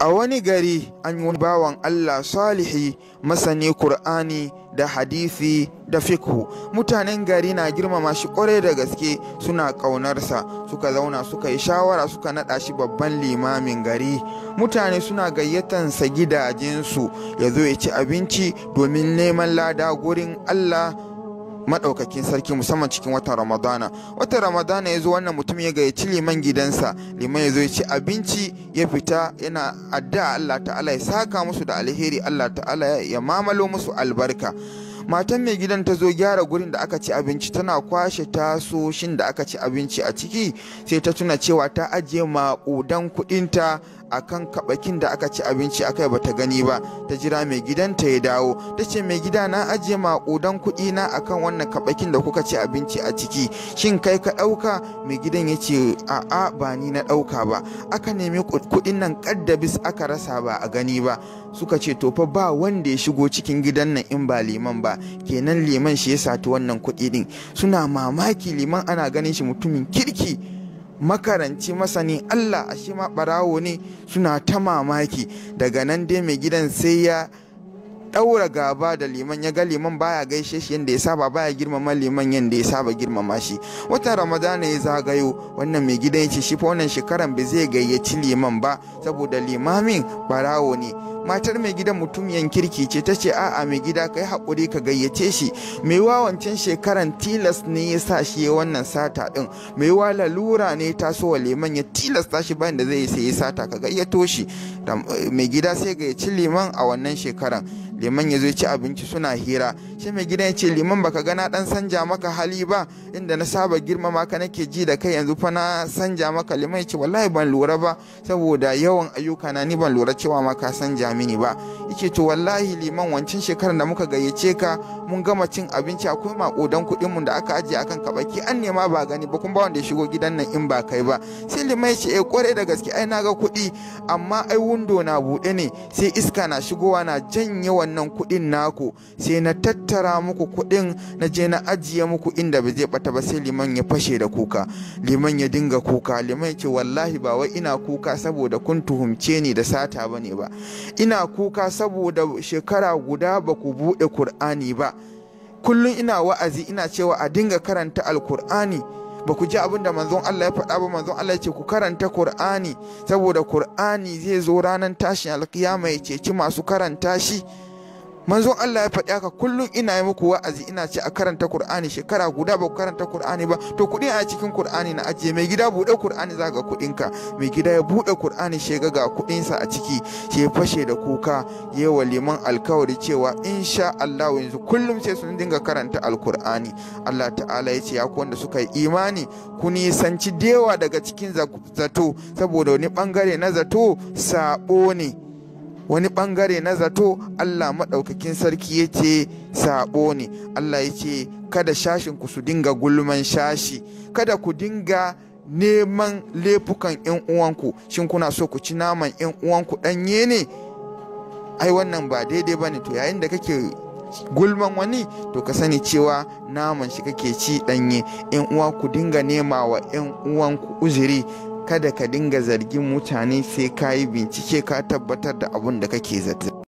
a wani gari an yi bawan Allah salihi masani Kur'ani da hadisi da fikhu mutanen gari na girmama shi kwarai da gaske suna ƙaunarsa suka zauna suka yi shawara suka naɗa shi babban limamin gari mutane suna gayyatansa gidajensu ya zo ya ci abinci domin neman lada gurin Allah madaukakin sarki musamman cikin watan ramadana watan ramadana ya zo wannan mutum ya gayyaci liman gidansa liman ya zo ya ci abinci ya fita yana adda allah ta'ala ya saka musu da alheri allah ta'ala ya mamalo musu albarka matan mai gidan ta zo gyara gurin da aka ci abinci tana kwashe tasoshin da aka ci abinci a ciki sai ta tuna cewa ta ajiye maƙudan kuɗinta akan kabakin da aka ci abinci akai bata gani ba ta jira mai gidanta ya dawo ta ce mai gida na ajiye maƙudan kuɗi na akan wannan kabakin da kuka ci abinci a ciki shin kai ka ɗauka mai gidan ya ce a'a ba ni na ɗauka ba aka nemi kuɗin nan kaddabis aka rasa ba a gani ba suka ce to fa ba wanda ya shigo cikin gidan nan in ba liman ba kenan liman shi ya sati wannan kuɗi din suna mamaki liman ana ganin shi mutumin kirki makaranci masani Allah shi ma ɓarawo ne suna ta mamaki daga nan dai mai gidan sai ya ɗaura gaba da liman ya ga liman baya gaishe shi yadda ya saba baya girmama liman yadda ya saba girmama shi watan ramadana ya zagayo wannan mai gidan ya ce shi fa wannan shekaran ba zai gayyaci liman ba saboda limamin barawo ne matar mai gidan mutumiyan kirki ce ta ce a'a mai gida kai haƙuri ka gayyace shi mai wancan shekaran tilas ne ya sa shi ya wannan sata ɗin mai wa lalura ne ta so wa liman ya tilasta shi bayan da zai sai ya sata ka gayyato shi eh, mai gida sai gayyaci liman a wannan shekaran liman ya zo ci abinci suna hira shi mai gidan ya ce liman baka ga na dan sanja maka hali ba inda na saba girmama ka nake ji da kai yanzu fa na sanja maka liman ya ce wallahi ban lura ba saboda yawan ayyuka na ni ban lura cewa ma ka sanja mini ba yake to wallahi liman wancan shekarar da muka gayyace ka mun gama cin abinci akwai makodan kuɗin mu da aka ajiye akan kabaki an nema ba gani ba kun ba wanda ya shigo gidan nan in ba kai ba sai liman ya ce eh kware da gaske ai na ga kuɗi amma ai wundo na buɗe ne sai iska na shigowa na janye wannan kuɗin naku sai na tattara muku kuɗin na je na ajiye muku inda ba zai bata ba sai liman ya fashe da kuka liman ya dinga kuka liman ya ce wallahi ba wai ina kuka saboda kun tuhumce ni da sata ba ne ba ina kuka saboda shekara guda ba ku buɗe kur'ani ba kullum ina wa'azi ina cewa a dinga karanta alkur'ani ba ku ji abin da manzon Allah ya faɗa ba manzon Allah ya ce ku karanta Kur'ani saboda Kur'ani zai zo ranar tashin alkiyama ya ceci masu karanta shi manzon Allah ya faɗi haka kullum ina yi muku wa'azi ina ce a karanta Kur'ani shekara guda ba karanta Kur'ani ba to kuɗi a cikin Kur'ani na ajiye mai gida buɗe Kur'ani zaka ga ka mai gida ya buɗe Kur'ani she ga kuɗinsa a ciki She fashe da kuka ya wa alkawari cewa insha Allah yanzu kullum sai sun dinga karanta alkur'ani Allah ta'ala ya ce ya ku wanda suka yi imani ku nisanci dewa daga cikin zato saboda wani bangare na zato sabo ne wani bangare na zato Allah maɗaukakin sarki ya ce saɓo ne Allah ya ce kada shashin su dinga gulman shashi kada ku dinga neman laifukan yan uwanku shin kuna so ku ci naman yan uwanku ɗanye ne ai wannan ba daidai ba ne to yayin da kake gulman wani to ka sani cewa naman shi kake ci ɗanye yan uwa ku dinga nema wa yan uwanku uzuri kada ka dinga zargin mutane sai ka yi bincike ka tabbatar da abin da kake zato